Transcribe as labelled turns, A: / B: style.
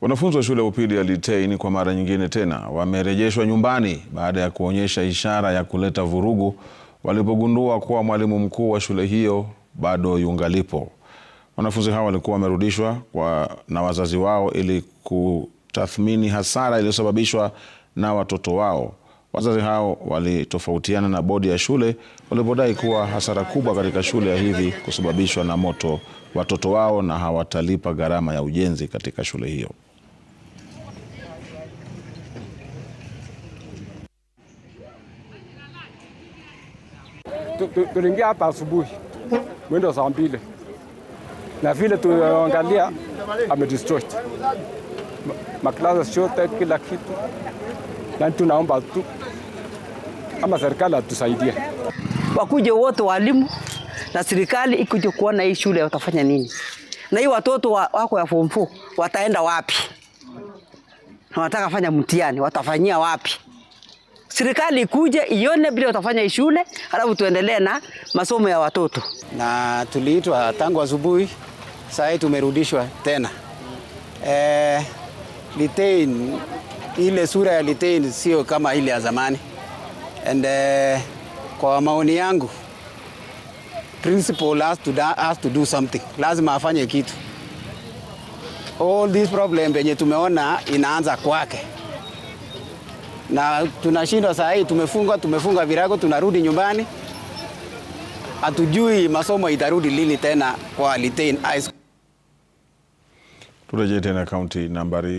A: Wanafunzi wa shule ya upili ya Litein kwa mara nyingine tena wamerejeshwa nyumbani baada ya kuonyesha ishara ya kuleta vurugu walipogundua kuwa mwalimu mkuu wa shule hiyo bado yungalipo. Wanafunzi hao walikuwa wamerudishwa kwa na wazazi wao ili kutathmini hasara iliyosababishwa na watoto wao. Wazazi hao walitofautiana na bodi ya shule walipodai kuwa hasara kubwa katika shule ya hivi kusababishwa na moto watoto wao na hawatalipa gharama ya ujenzi katika shule hiyo.
B: Tuliingia hapa asubuhi mwendo saa mbili, na vile tunaangalia amedestroy maklasa shote kila kitu, na yaani tunaomba tu ama serikali atusaidie,
C: wakuje wote walimu na serikali ikuje kuona hii shule watafanya nini, na hii watoto wa, wako ya form 4 wataenda wapi? Na wataka fanya mtihani watafanyia wapi? Serikali ikuje ione bila watafanya hii shule, halafu tuendelee na masomo ya watoto.
D: Na tuliitwa tangu asubuhi, saa hii tumerudishwa tena eh, Litein ile sura ya Litein sio kama ile ya zamani. And uh, kwa maoni yangu principal has to, has to do something, lazima afanye kitu. All this problem yenye tumeona inaanza kwake na tunashindwa saa hii, tumefunga tumefunga virago, tunarudi nyumbani, hatujui masomo itarudi lini tena kwa Litein High School. Turejee tena kaunti nambari